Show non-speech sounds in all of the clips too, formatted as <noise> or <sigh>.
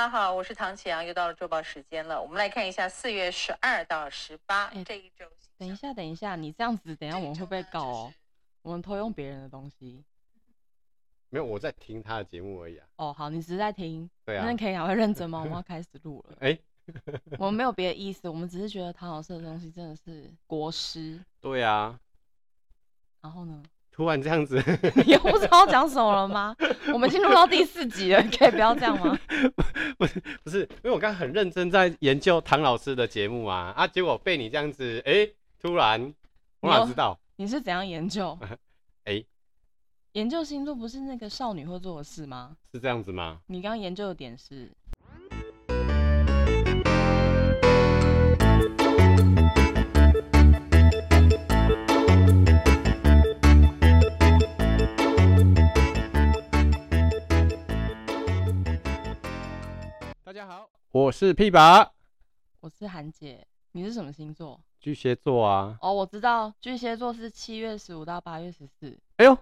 大家好，我是唐綺陽，又到了週報時間了。我們來看一下四月十二到十八這一週，欸。等一下，等一下，你這樣子，等一下我們會不會搞，哦？我們偷用別人的東西？沒有，我在聽他的節目而已啊。哦，好，你只是在聽。對啊，那可以趕快認真嗎？我們要開始錄了。哎， <laughs> 欸， <laughs> 我們沒有別的意思，我們只是覺得唐老師的東西真的是國師。對啊，然後呢？突然這樣子， <laughs> 你又不知道講什麼了嗎？ <laughs> 我們進入到第四集了，可以不要這樣嗎？ <laughs> 不是不是，因為我剛很認真在研究唐老師的節目啊啊，結果被你這樣子，哎、欸，突然，我哪知道？你，你是怎樣研究？哎、 <laughs> 欸，研究星座不是那個少女會做的事嗎？是這樣子嗎？你剛研究的點是。大家好，我是 P 寶，我是韓姐，你是什麼星座？巨蟹座啊。哦，我知道，巨蟹座是七月十五到八月十四。哎呦，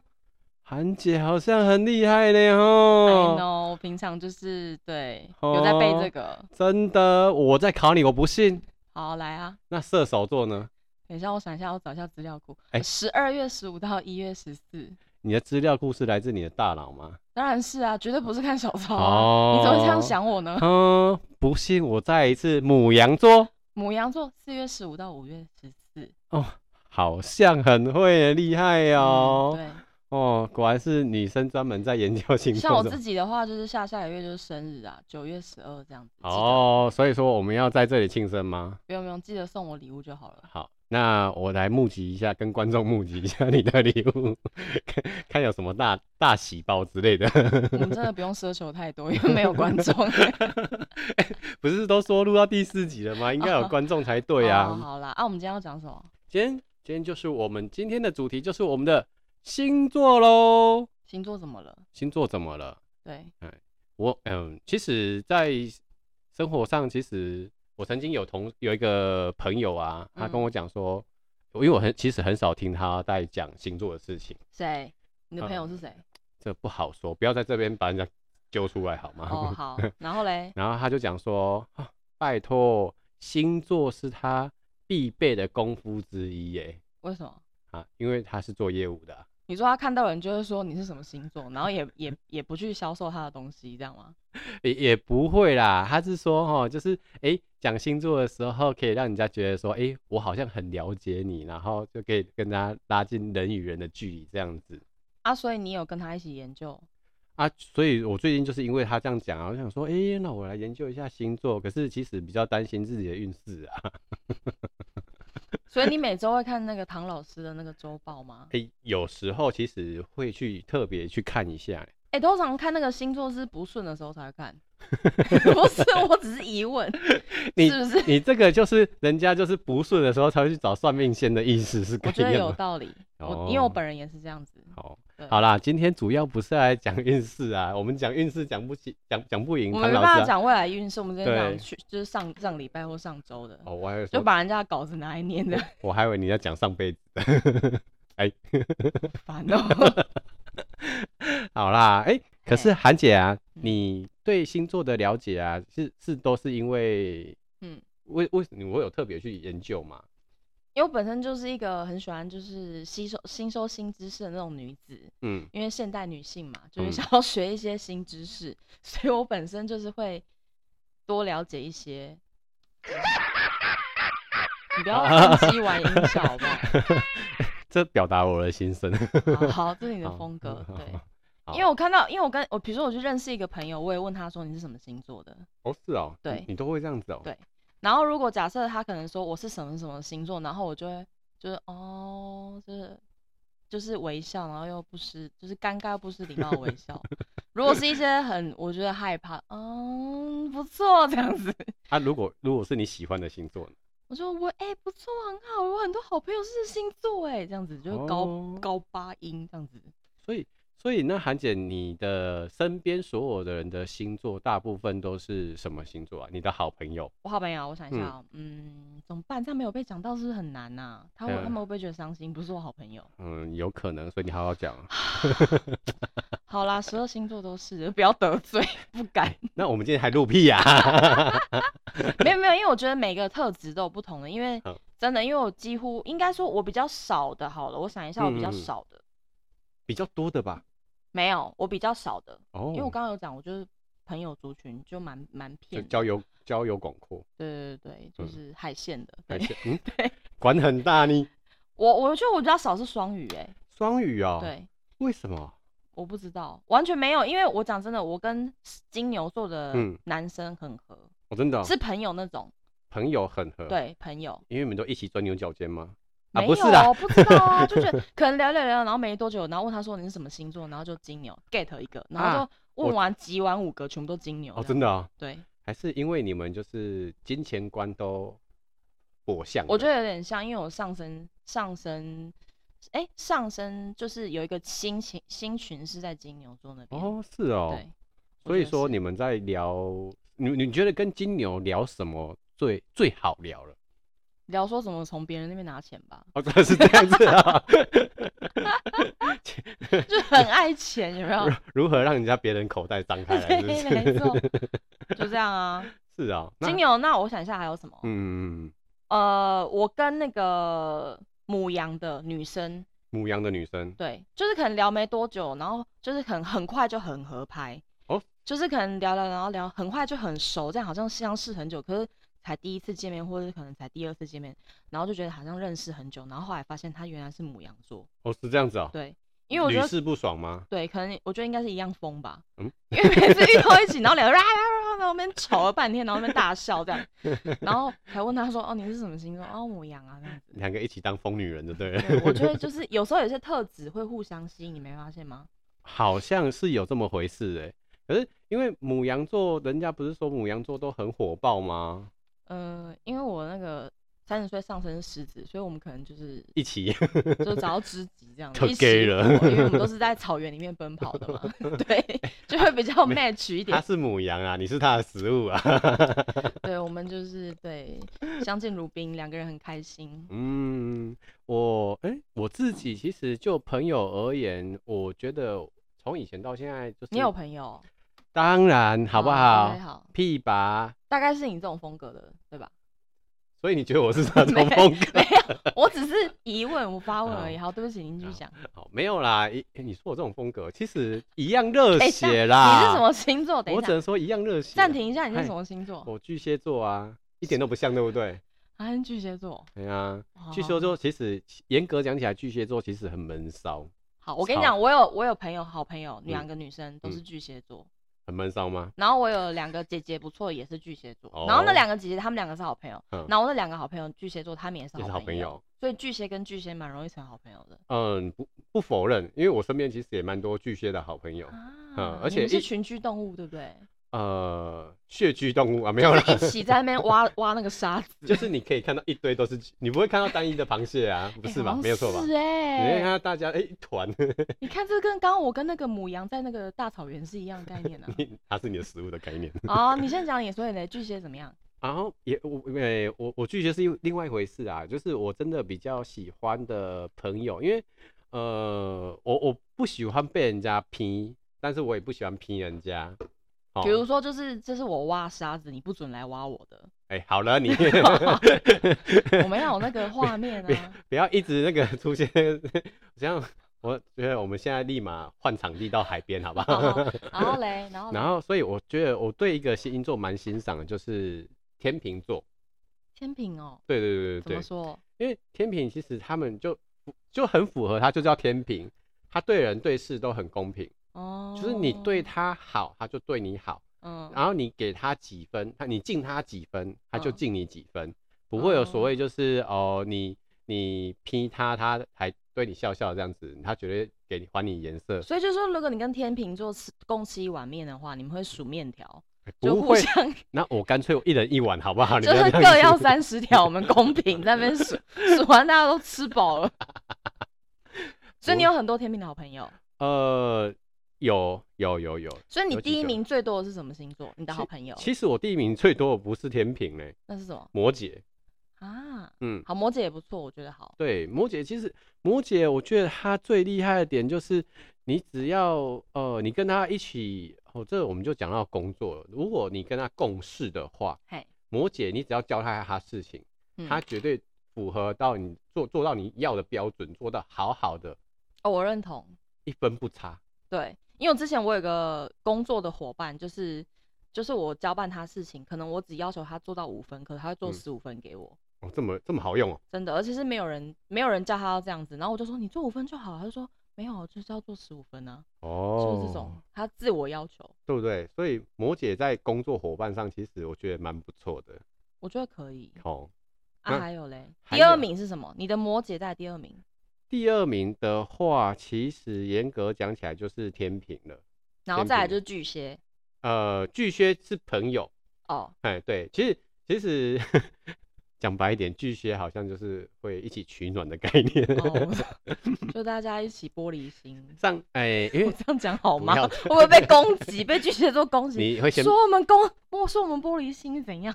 韓姐好像很厲害嘞哦，哎 no，我平常就是對、哦，有在背這個。真的？我在考你，我不信。好，來啊。那射手座呢？等一下，我想一下，我找一下資料庫。哎、欸，十二月十五到一月十四。你的資料庫是來自你的大腦嗎？當然是啊，絕對不是看小抄，啊哦。你怎麼會這樣想我呢？嗯，不信我再一次牡羊座。牡羊座四月十五到五月十四。哦，好像很會，厲害哦，嗯。對。哦，果然是女生專門在研究星座。像我自己的話，就是下下個月就是生日啊，九月十二這樣子。哦，所以說我們要在這裡慶生嗎？不用不用，記得送我禮物就好了。好。 <noise> 那我來募集一下，跟觀眾募集一下你的禮物，看看有什麼大大喜報之類的。我們真的不用奢求太多，因 <laughs> 為沒有觀眾、 <laughs> <laughs> <laughs> 欸。不是都說錄到第四集了嗎？應該有觀眾才對啊、哦哦好。好啦，啊，我們今天要講什麼？今天，今天就是我們今天的主題，就是我們的星座嘍。星座怎麼了？星座怎麼了？對，嗯，我嗯、呃，其實，在生活上，其實。我曾經有同有一個朋友啊，他跟我講說、嗯，因為我很其實很少聽他在講星座的事情。誰？你的朋友是誰？啊，這不好說，不要在這邊把人家揪出來好嗎？哦，好。然後嘞？ <laughs> 然後他就講說，啊，拜託，星座是他必備的功夫之一耶。為什麼？啊，因為他是做業務的啊。你說他看到人就是說你是什麼星座，然後也也也不去銷售他的東西，這樣嗎？也也不會啦，他是說哦，就是哎講、欸，星座的時候，可以讓人家覺得說哎，欸、我好像很了解你，然後就可以跟他拉近人與人的距離這樣子。啊，所以你有跟他一起研究？啊，所以我最近就是因為他這樣講啊，我想說哎，欸、那我來研究一下星座，可是其實比較擔心自己的運勢啊。 <laughs> <laughs> 所以你每週會看那個唐老師的那個週報嗎？誒、欸，有時候其實會去特別去看一下、欸。哎、欸，通常看那個星座是不順的時候才看。不 <laughs> <laughs> 是，我只是疑問 <laughs> 你，是不是？你這個就是人家就是不順的時候才會去找算命仙的意思是？我覺得有道理，哦、我因為我本人也是這樣子。好、哦，好啦，今天主要不是來講運勢啊，我們講運勢講不起，講講不贏。我們沒辦法講未來運勢，我們今天講去，就是上上禮拜或上週的。哦、我就把人家稿子拿來念的？我還以為你要講上輩子。 <laughs> 哎，煩 <laughs> 哦煩、喔。 <laughs> <laughs> 好啦，哎、欸，可是韓姐啊，你對星座的了解啊，嗯、是是都是因為，嗯，為為什麼你會有特別去研究嘛？因為我本身就是一個很喜歡就是吸收吸收新知識的那種女子，嗯，因為現代女性嘛，就是想要學一些新知識，嗯、所以我本身就是會多了解一些。 <laughs> 你不要攻擊玩音效好不好？ <laughs> 這表達我的心聲， <laughs> 好，好，這是你的風格，對、嗯。因為我看到，因為我跟我，比如說我去認識一個朋友，我也問他說你是什麼星座的。哦，是哦，對，嗯、你都會這樣子哦，對。然後如果假設他可能說我是什麼什麼星座，然後我就會就是哦，就是就是微笑，然後又不失就是尷尬又不失禮貌微笑。 <laughs> 如果是一些很我覺得害怕，嗯，不錯這樣子。啊，如果如果是你喜歡的星座我說我哎不錯很好，我有很多好朋友是星座哎，這樣子就高、oh. 高八音這樣子，所以。所以呢，韓姐，你的身邊所有的人的星座，大部分都是什麼星座啊？你的好朋友，我好朋友，我想一下，喔嗯，嗯，怎麼辦？他沒有被講到，是不是很難吶、啊？他會，嗯、他們會不會覺得傷心，不是我好朋友。嗯，有可能，所以你好好講。 <laughs> <laughs> 好啦，12星座都是，不要得罪，不敢。 <laughs> 那我們今天還錄屁哈，啊。 <laughs> <laughs> 沒有沒有，因為我覺得每個特質都有不同的，因為真的，因為我幾乎應該說，我比較少的，好了，我想一下，我比較少的嗯嗯，比較多的吧。沒有，我比較少的，哦、因為我剛剛有講，我就是朋友族群就蠻蠻偏，交友交友廣闊，對對對，就是海鮮的海鮮，嗯，對，嗯對，管很大呢。我我覺得我比較少是雙魚欸，雙魚哦，對，為什麼？我不知道，完全沒有，因為我講真的，我跟金牛座的男生很合，我、嗯哦、真的、哦，是朋友那種，朋友很合，對，朋友，因為你們都一起鑽牛角尖嘛。啊、不是啦沒有啊，不知道啊， <laughs> 就覺得可能聊聊聊，然後沒多久，然後問他說你是什麼星座，然後就金牛，get 一個，然後就問完集、啊、完五個，全部都金牛哦，真的啊、哦，對，還是因為你們就是金錢觀都我像的，我覺得有點像，因為我上升上升，哎、欸，上升就是有一個星群群是在金牛座那邊哦，是哦，對，所以說你們在聊，你你覺得跟金牛聊什麼最最好聊了？聊說怎麼從別人那邊拿錢吧，哦，真的是這樣子啊、喔 <laughs> <laughs> 就很愛錢，有沒有？如何讓人家別人口袋張開來？ <laughs> 沒錯，就這樣啊。是啊、喔，金牛，那我想一下還有什麼？嗯嗯，呃，我跟那個母羊的女生，母羊的女生，對，就是可能聊沒多久，然後就是很很快就很合拍哦，就是可能聊聊聊聊，很快就很熟，這樣好像相識很久，可是。才第一次見面，或者可能才第二次見面，然後就覺得好像認識很久，然後後來發現他原來是牡羊座哦，是這樣子啊、哦？對，因為我覺得屢試不爽嗎？對，可能我覺得應該是一樣瘋吧，嗯，因為每次遇到一起， <laughs> 然後兩個人在那邊吵了半天，然後在那邊大笑這樣， <laughs> 然後還問他說：“哦，你是什麼星座？”哦，牡羊啊，兩個一起當瘋女人的對，對。我覺得就是有時候有些特質會互相吸引，你沒發現嗎？好像是有這麼回事哎，可是因為牡羊座，人家不是說牡羊座都很火爆嗎？呃，因為我那個三十歲上升獅子，所以我們可能就是就一起，就找到知己這樣。太 gay 了，因為我們都是在草原裡面奔跑的嘛。 <laughs> 對、欸，就會比較 match 一點。他是母羊啊，你是他的食物啊。 <laughs> 對，我們就是對，相敬如賓，兩個人很開心。嗯，我哎、欸，我自己其實就朋友而言，我覺得從以前到現在就是你有朋友？當然，好不好,好, okay, 好？屁吧，大概是你這種風格的，對吧？所以你覺得我是這種風格？ <laughs> 沒,沒有，我只是疑問，我發問而已。好，對不起，您繼續講。好，沒有啦、欸，你說我這種風格，其實一樣熱血啦。欸、你是什麼星座？等一下我只能說一樣熱血、啊。暫停一下，你是什麼星座？我巨蟹座啊，一點都不像，是對不對？還是，巨蟹座。對啊，巨蟹座其實嚴格講起來，巨蟹座其實,座其實很悶騷。好，我跟你講，我有我有朋友，好朋友，兩個女生、嗯、都是巨蟹座。很悶騷嗎？然後我有兩個姐姐，不錯，也是巨蟹座。Oh, 然後那兩個姐姐，她們兩個是好朋友。嗯、然後那兩個好朋友，巨蟹座，她們也是，也是好朋友。所以巨蟹跟巨蟹蠻容易成好朋友的。嗯，不不否認，因為我身邊其實也蠻多巨蟹的好朋友。啊、嗯，而且是群居動物，對不對？呃，穴居動物啊，沒有啦。就是、一起在那邊挖 <laughs> 挖那個沙子，就是你可以看到一堆都是，你不會看到單一的螃蟹啊，不是吧、欸？沒有錯吧？是哎、欸，你看到大家哎、欸，一團。 <laughs> 你看這跟剛剛我跟那個母羊在那個大草原是一樣的概念的、啊， <laughs> 它是你的食物的概念啊。 <laughs> oh, 你先講你所有的巨蟹怎麼樣？然後也我哎，我、欸、我，我巨蟹是另外一回事啊，就是我真的比較喜歡的朋友，因為呃，我我不喜歡被人家拼，但是我也不喜歡拼人家。比如說，就是這是我挖沙子，你不准來挖我的。哎、欸，好了，你 <laughs> <laughs> 我們要有那個畫面啊！不要一直那個出現。 <laughs> 這樣，我覺得我們現在立馬換場地到海邊，好不好？然後嘞，然後然後，然後，所以我覺得我對一個星座蠻欣賞的，就是天秤座。天秤哦，對對對對對，怎麼說？因為天秤其實他們就就很符合，他，就叫天秤，他對人對事都很公平。哦，就是你對他好，他就對你好，嗯，然後你給他幾分，他你敬他幾分，他就敬你幾分，嗯，不會有所謂就是哦，哦，你你批他，他還對你笑笑這樣子，他絕對給你還你顏色。所以就是說，如果你跟天秤座吃共吃一碗麵的話，你們會數麵條，就互相。那我乾脆我一人一碗好不好？ <laughs> 你們就是各要三十條，我們公平在那邊數數完，大家都吃飽了。 <laughs> 所以你有很多天秤的好朋友。呃。有有有有，所以你第一名最多的是什麼星座？你的好朋友？其實我第一名最多的不是天秤嘞，欸，那是什麼？摩羯啊，嗯，好，摩羯也不錯，我覺得好。對，摩羯其實摩羯，我覺得他最厲害的點就是，你只要呃，你跟他一起，哦，喔，這個、我們就講到工作了。如果你跟他共事的話，嘿，摩羯，你只要教他他事情，嗯，他絕對符合到你做做到你要的標準，做到好好的。哦，我認同，一分不差，對。因為之前我有一個工作的夥伴，就是就是我交辦他事情，可能我只要求他做到五分，可能他會做十五分給我、嗯。哦，這麼這麼好用哦！真的，而且是沒有人沒有人叫他要這樣子，然後我就說，你做五分就好，他就說沒有，就是要做十五分呢、啊。哦，就是這種他自我要求，對不對？所以摩羯在工作夥伴上，其實我覺得蠻不錯的。我覺得可以。好、哦、啊，還有嘞，第二名是什麼？你的摩羯在第二名。第二名的話，其實嚴格講起來就是天秤了，然後再來就是巨蟹，呃，巨蟹是朋友哦，哎、oh.，對，其實其實講白一點，巨蟹好像就是會一起取暖的概念，oh. <laughs> 就大家一起玻璃心，這樣哎、欸，因為我這樣講好嗎？我會被攻擊， <laughs> 被巨蟹座攻擊，你會說我們攻，我說我們玻璃心怎樣？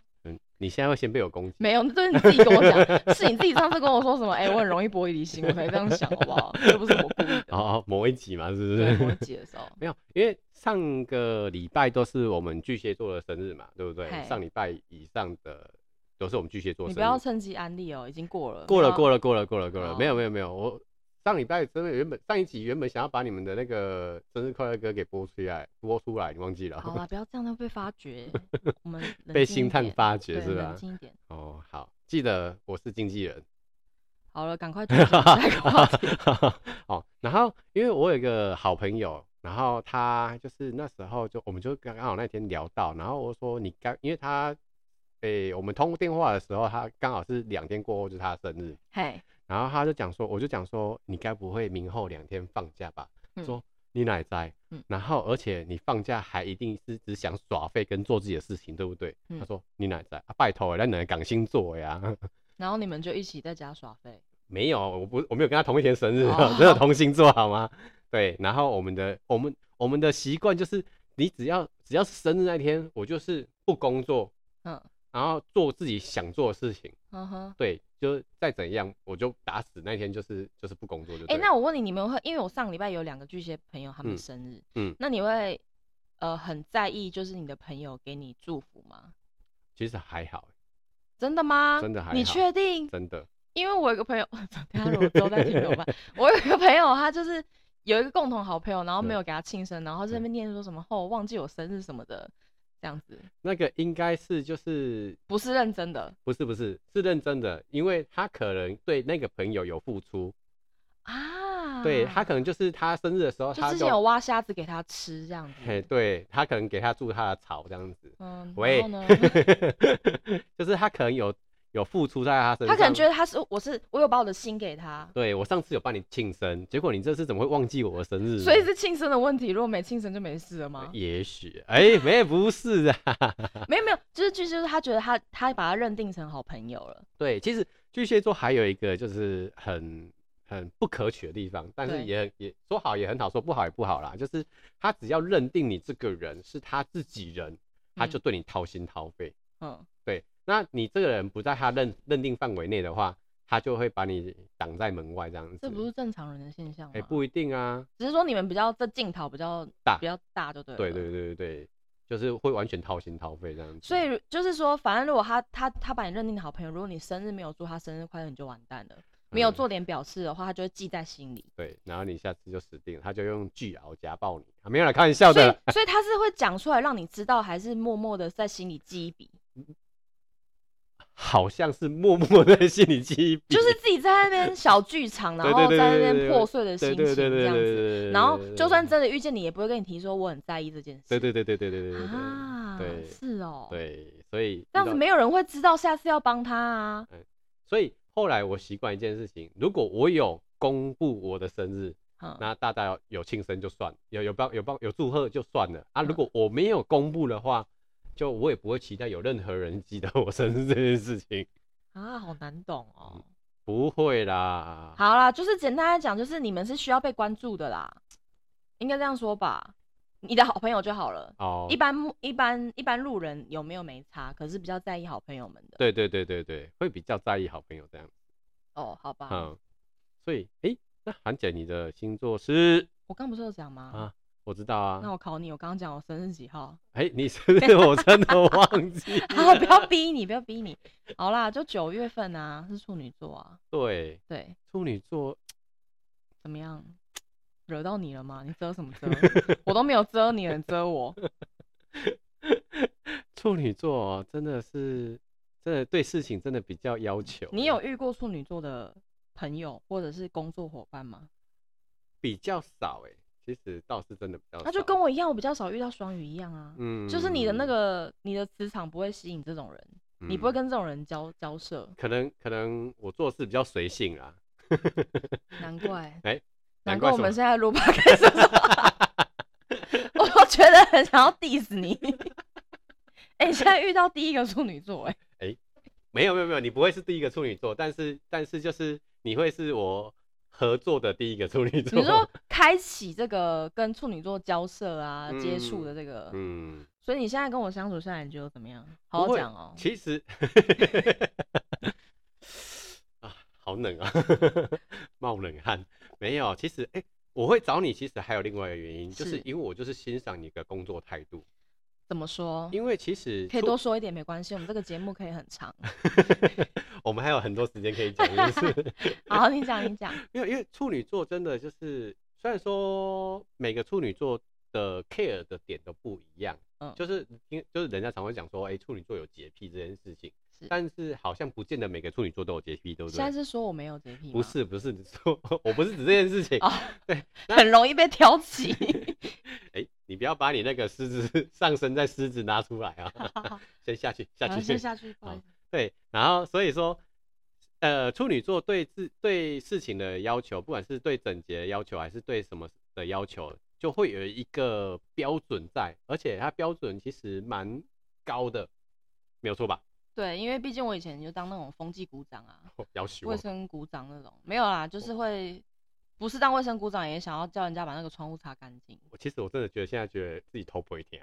你現在會先被我攻擊？沒有，那、就是你自己跟我講， <laughs> 是你自己上次跟我說什麼？哎、欸，我很容易玻璃心，我可以這樣想，好不好？這 <laughs> 不是我故意，啊、oh, oh,，某一集嘛，是不是？某一集的時候， <laughs> 沒有，因為上個禮拜都是我們巨蟹座的生日嘛，對不對？Hey, 上禮拜以上的都是我們巨蟹座生日。你不要趁機安利哦，已經過了，過了，過了，過了，過了，過了，過了，沒有，沒有，沒有，我。上禮拜真的原本上一集原本想要把你們的那個生日快樂歌給播出來播出來，你忘記了？好啦、啊，不要這樣，會被發覺。 <laughs> 我們被星探發覺是吧？冷靜一點。哦，好，記得我是經紀人。好了，趕快，趕快。好，然後因為我有一個好朋友， <laughs> 然後他就是那時候就我們就剛剛好那天聊到，然後我說你剛，因為他誒、欸，我們通電話的時候，他剛好是兩天過後就是他的生日。嘿、hey.。然後他就講說，我就講說，你該不會明後兩天放假吧？嗯、說你奶奶、嗯，然後而且你放假還一定是只想耍廢跟做自己的事情，對不對？嗯、他說你奶奶啊，拜託、欸，那你奶趕星座呀、欸啊。 <laughs> 然後你們就一起在家耍廢？沒有，我不我沒有跟他同一天生日，只、哦、有 <laughs> 同星座，好嗎？ <laughs> 對，然後我們的我們我們的習慣就是，你只要只要是生日那一天，我就是不工作，嗯然後做自己想做的事情，嗯哼，對，就是再怎樣，我就打死那天就是就是不工作就。哎、欸，那我問你，你們會因為我上禮拜有兩個巨蟹朋友他們生日，嗯，嗯那你會呃很在意就是你的朋友給你祝福嗎？其實還好。真的嗎？真的還好，你確定？真的。因為我一個朋友，呵呵等下如果都在聽的話， <laughs> 我有一個朋友，他就是有一個共同好朋友，然後沒有給他慶生、嗯，然後在那邊念說什麼後、嗯哦、忘記我生日什麼的。這樣子，那個應該是就是不是認真的，不是不是，是認真的，因為他可能對那個朋友有付出啊，對他可能就是他生日的時候他，他之前有挖蝦子給他吃這樣子，嘿對他可能給他住他的草，這樣子，嗯。喂。然後呢？ <laughs> 就是他可能有。有付出在他身上，他可能覺得他是我是我有把我的心給他。對，我上次有幫你慶生，結果你這次怎麼會忘記我的生日？所以是慶生的問題，如果沒慶生就沒事了嗎？也許，哎、欸， <laughs> 沒有，不是啊， <laughs> 沒有沒有，就是巨蟹座，他覺得他他把他認定成好朋友了。對，其實巨蟹座還有一個就是很很不可取的地方，但是也也說好也很好說，說不好也不好啦。就是他只要認定你這個人是他自己人，他就對你掏心掏肺。嗯。嗯那你這個人不在他認認定範圍內的話，他就會把你擋在門外這樣子。這不是正常人的現象嗎？哎、欸，不一定啊，只是說你們比較這鏡頭比較大，比較大就對了。對對對對對，就是會完全掏心掏肺這樣子。所以就是說，反正如果他他他把你認定的好朋友，如果你生日沒有祝他生日快樂，你就完蛋了、嗯。沒有做點表示的話，他就會記在心裡。對，然後你下次就死定了。他就用巨蟹夾爆你、啊，沒有來開玩笑的。所以，所以他是會講出來讓你知道，還是默默的在心裡記一筆？好像是默默在心裡記，就是自己在那邊小劇場，然後在那邊破碎的心情，這樣子。然後就算真的遇見你，也不會跟你提說我很在意這件事、啊。 <laughs> 對對對對對對對啊！是哦、喔，對，所以這樣子沒有人會知道下次要幫他啊。所以後來我習慣一件事情，如果我有公布我的生日、嗯，那大家有慶生就算了，有有幫有幫有祝賀就算了啊。如果我沒有公布的話。就我也不會期待有任何人記得我生日這件事情啊，好難懂哦、嗯。不會啦。好啦，就是簡單來講，就是你們是需要被關注的啦，應該這樣說吧。你的好朋友就好了。哦、oh。一般一般一般路人有沒有沒差，可是比較在意好朋友們的。對對對對對，會比較在意好朋友這樣。哦、oh，好吧。嗯。所以，哎、欸，那韓姐，你的星座是？我剛不是有講嗎？啊。我知道啊，那我考你，我剛剛講我生日幾號？哎、欸，你生日我真的忘記。 <laughs> 好，不要逼你，不要逼你。好啦，就九月份啊，是處女座啊。對對，處女座怎麼樣？惹到你了嗎？你遮什麼遮？ <laughs> 我都沒有遮，你遮我。 <laughs> 處女座真的是真的對事情真的比較要求，啊。你有遇過處女座的朋友或者是工作夥伴嗎？比較少哎、欸。其實倒是真的比較，他就跟我一樣，我比較少遇到雙魚一樣啊。嗯，就是你的那個你的磁場不會吸引這種人，嗯、你不會跟這種人交交涉。可能可能我做事比較隨性啊、 <laughs> 欸。難怪哎，難怪我們現在錄不開始了。我都覺得很想要 diss 你、 <laughs> 欸。哎，你現在遇到第一個處女座哎。哎，沒有沒有沒有，你不會是第一個處女座，但是但是就是你會是我合作的第一個處女座，你是說開啟這個跟處女座交涉啊、 <laughs> 嗯、接觸的這個，嗯，所以你現在跟我相處下來，你覺得怎麼樣？好好講哦、喔。其實 <laughs> <laughs> 啊，好冷啊， <laughs> 冒冷汗。沒有，其實哎、欸，我會找你，其實還有另外一個原因，是就是因為我就是欣賞你的工作態度。怎麼說？因為其實可以多說一點，沒關係。 <laughs> 我們這個節目可以很長， <laughs> 我們還有很多時間可以講。 <laughs> <laughs> 好，你講，你講。因為因為處女座真的就是，雖然說每個處女座的 care 的點都不一樣，嗯，就是就是人家常常會講說，欸，處女座有潔癖這件事情。但是好像不見得每個處女座都有潔癖嗎？對不對？現在是說我沒有潔癖，不是不是。你說我不是指這件事情、哦、對，很容易被挑起。哎 <laughs> 欸，你不要把你那個獅子上身在獅子拿出來啊！好好好，先下去下去，好，先下去好好。對，然後所以說，呃，處女座對自對事情的要求，不管是對整潔的要求，還是對什麼的要求，就會有一個標準在，而且它標準其實蠻高的，沒有錯吧？對，因為畢竟我以前就當那種風紀鼓掌啊，比較喜歡衛生鼓掌那種沒有啦，就是會不是當衛生鼓掌，也想要叫人家把那個窗戶擦乾淨。我其實我真的覺得現在覺得自己頭不一天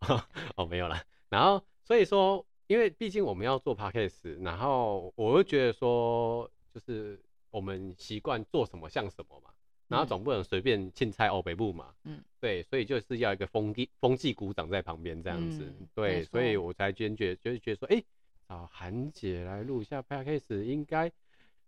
啊，哦沒有啦。然後所以說，因為畢竟我們要做 p o c c a g t 然後我會覺得說，就是我們習慣做什麼像什麼嘛，然後總不能隨便青菜哦北部嘛，嗯。對，所以就是要一個風紀股長在旁邊這樣子，嗯、對，所以我才堅決就是覺得說，哎、欸，找、哦、韓姐來錄一下 podcast 應該，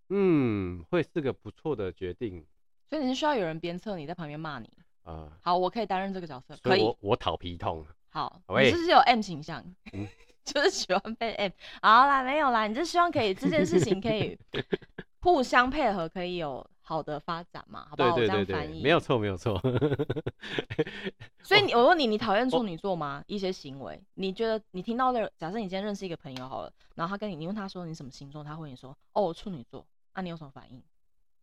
嗯，會是個不錯的決定。所以你是需要有人鞭策你在旁邊罵你，呃，好，我可以擔任這個角色我，可以，我討皮痛。好，好，你是不是有 M 形象，嗯、 <laughs> 就是喜歡被 M。好了，沒有啦，你就希望可以 <laughs> 這件事情可以 <laughs> 互相配合，可以有。好的發展嘛，好不好？對對對對，這樣翻譯沒有錯，沒有錯。有 <laughs> 所以你、哦，我問你，你討厭處女座嗎、哦？一些行為，你覺得你聽到的，假設你今天認識一個朋友好了，然後他跟你，你問他說，你什麼星座，他會說，哦，我處女座。那、啊、你有什麼反應？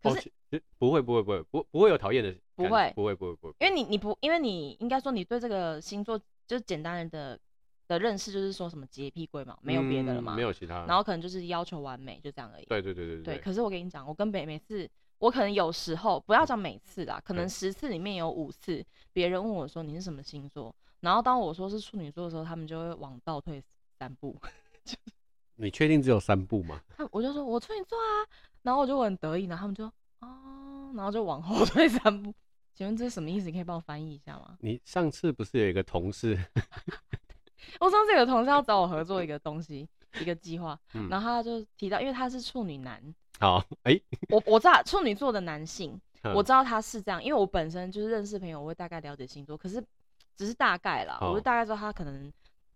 可是、哦、不會，不會，不會，不，不會有討厭的。不會，不會，不會，不會。因為你你不，因為你應該說你對這個星座就是簡單的的認識就是說什麼潔癖鬼嘛，沒有別的了嘛、嗯？沒有其他。然後可能就是要求完美，就這樣而已。對對對對對，對。對，可是我跟你講，我根本每次。我可能有時候不要講每次啦、嗯，可能十次裡面有五次別人問我說你是什麼星座，然後當我說是處女座的時候，他們就會往倒退三步。你確定只有三步嗎？我就說我處女座啊，然後我就我很得意，然後他們就哦，然後就往後退三步。請問這是什麼意思？你可以幫我翻譯一下嗎？你上次不是有一個同事？ <laughs> 我上次有個同事要找我合作一個東西， <laughs> 一個計劃，然後他就提到，因為他是處女男。好，哎、欸，我我知道處女座的男性、嗯，我知道他是這樣，因為我本身就是認識朋友，我會大概了解星座，可是只是大概啦，嗯、我大概知道他可能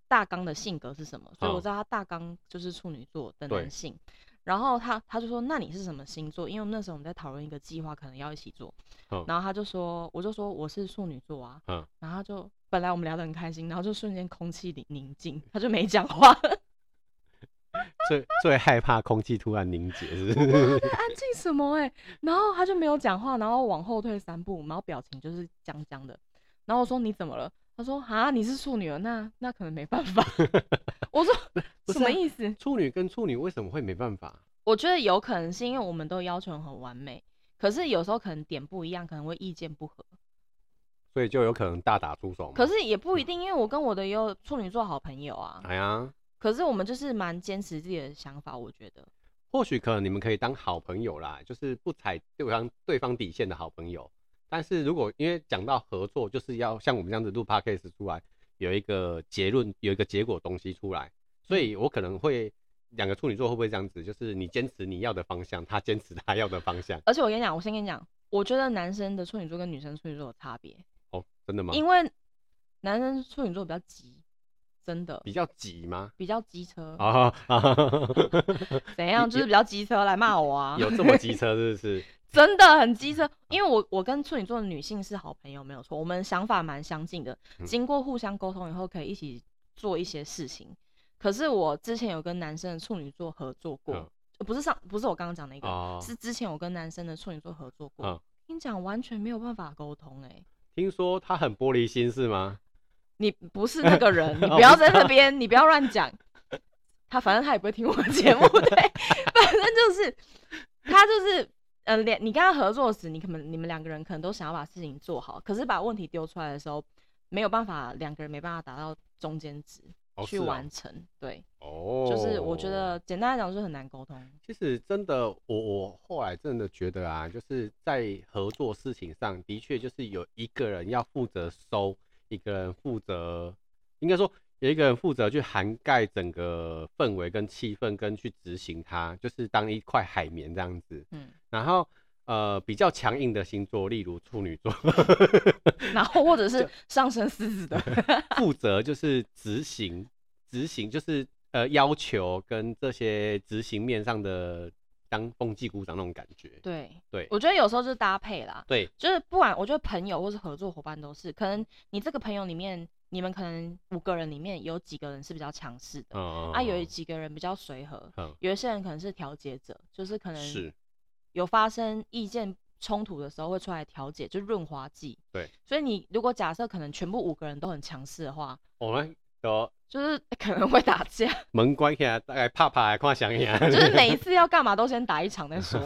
大綱的性格是什麼、嗯，所以我知道他大綱就是處女座的男性。嗯、然後他他就說，那你是什麼星座？因為我們那時候我們在討論一個計劃，可能要一起做、嗯。然後他就說，我就說我是處女座啊。嗯、然後就本來我們聊得很開心，然後就瞬間空氣寧靜，他就沒講話。 <laughs> <laughs> 最最害怕空氣突然凝結，是不是？安靜什麼哎、欸？然後他就沒有講話，然後往後退三步，然後表情就是僵僵的。然後我說你怎麼了？他說啊，你是處女了，那那可能沒辦法。 <laughs> 我說什麼意思？處女跟處女為什麼會沒辦法？我覺得有可能是因為我們都要求很完美，可是有時候可能點不一樣，可能會意見不合，所以就有可能大打出手。可是也不一定，因為我跟我的有處女座好朋友啊，哎呀。可是我們就是蠻堅持自己的想法，我覺得或許可能你們可以當好朋友啦，就是不踩對方對方底線的好朋友。但是如果因為講到合作，就是要像我們這樣子錄 Podcast 出來，有一個結論，有一個結果東西出來，所以我可能會兩個處女座會不會這樣子？就是你堅持你要的方向，他堅持他要的方向。而且我跟你講，我先跟你講，我覺得男生的處女座跟女生處女座有差別哦，真的嗎？因為男生處女座比較急。真的比較擠嗎？比較機車啊、哦、啊！ <laughs> 怎樣？就是比較機車來罵我啊？有這麼機車是不是？ <laughs> 真的很機車，因為我我跟處女座的女性是好朋友沒有錯，我們想法蠻相近的。經過互相溝通以後，可以一起做一些事情、嗯。可是我之前有跟男生的處女座合作過，嗯呃、不是上不是我剛剛講的一個、哦，是之前有跟男生的處女座合作過。嗯、聽講完全沒有辦法溝通、欸，哎，聽說他很玻璃心是嗎？你不是那個人，你不要在這邊， <laughs> 你不要亂講。他反正他也不會聽我節目，對，反正就是他就是呃，你你跟他合作時，你可能你們兩個人可能都想要把事情做好，可是把問題丟出來的時候，沒有辦法，兩個人沒辦法達到中間值去、哦啊、完成，對，哦，就是我覺得簡單來講就是很難溝通。其實真的，我我後來真的覺得啊，就是在合作事情上的確就是有一個人要負責收。一個人負責，應該說有一個人負責去涵蓋整個氛圍跟氣氛，跟去執行它，就是當一塊海綿這樣子。嗯、然後呃比較強硬的星座，例如處女座， <laughs> 然後或者是上升獅子的，嗯、負責就是執行，執行就是呃要求跟這些執行面上的。當風紀股長，那種感覺，對對，我覺得有時候就是搭配啦，對，就是不管我覺得朋友或是合作夥伴都是，可能你這個朋友裡面，你們可能五個人裡面有幾個人是比較強勢的，嗯，啊，有，有幾個人比較隨和，嗯，有一些人可能是調節者，嗯，就是可能有發生意見衝突的時候會出來調解，就潤滑劑，對，所以你如果假設可能全部五個人都很強勢的話，我、哦、們。有就是可能會打架，門關起來大概怕怕，看一下，就是每一次要幹嘛都先打一場再說，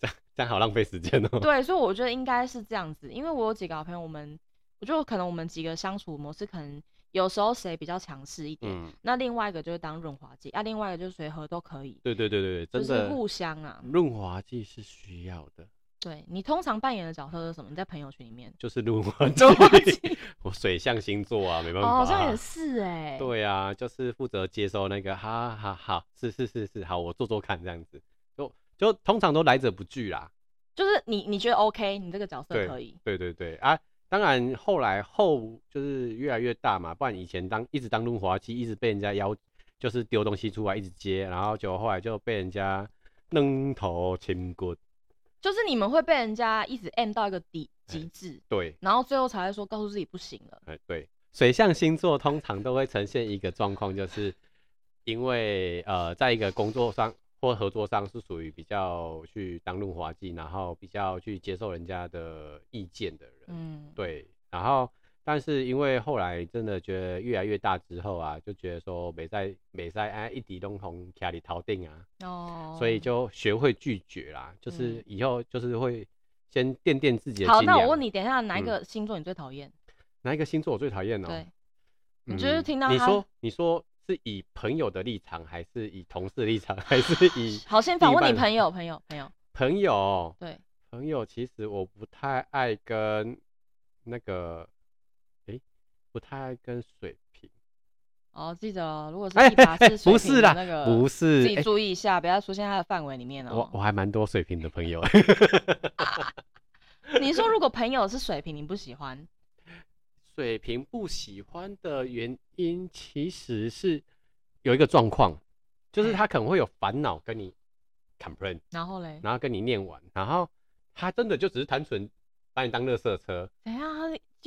這樣這樣好浪費時間哦。對，所以我覺得應該是這樣子，因為我有幾個好朋友，我們我覺得可能我們幾個相處模式，可能有時候誰比較強勢一點、嗯，那另外一個就是當潤滑劑，啊，另外一個就是隨和都可以。對對對對，對，真的，就是、互相啊，潤滑劑是需要的。對，你通常扮演的角色是什麼？你在朋友圈裡面就是潤滑劑， <laughs> 我水象星座啊，沒辦法、啊。好、哦、像也是哎、欸。對啊，就是負責接收那個，哈，哈哈哈，是是是是，好，我做做看這樣子，就就通常都來者不拒啦。就是你你覺得 OK，你這個角色可以。對對對，對啊，當然後來後就是越來越大嘛，不然以前當一直當潤滑劑，一直被人家邀，就是丟東西出來一直接，然後就後來就被人家扔頭親過。就是你們會被人家一直按到一個底極致，嗯，對，然後最後才會說告訴自己不行了。哎，嗯，對，水象星座通常都會呈現一個狀況，就是因為呃，在一個工作上或合作上是屬於比較去當潤滑劑，然後比較去接受人家的意見的人。嗯，對，然後。但是因為後來真的覺得越來越大之後啊，就覺得說美在美在哎一滴東虹家裡逃定啊，哦、啊，oh. 所以就學會拒絕啦。嗯、就是以後就是會先墊墊自己的心。好，那我問你，等一下哪一個星座你最討厭，嗯？哪一個星座我最討厭呢？你覺得聽到你說你說是以朋友的立場，還是以同事的立場，還是以 <laughs> 好？先訪問你朋友，朋友，朋友，朋友，對，朋友，其實我不太愛跟那個。不太跟水瓶哦，記得哦，如果是，一是，那個欸欸，不是啦，那個不是，自己注意一下，欸、不要出現他的範圍裡面哦、喔。我我還蠻多水瓶的朋友 <laughs> 、啊。你說如果朋友是水瓶，你不喜歡 <laughs> 水瓶，不喜歡的原因，其實是有一個狀況，就是他可能會有煩惱跟你 complain，然後呢，然後跟你念完，然後他真的就只是單純把你當垃圾車。等一下。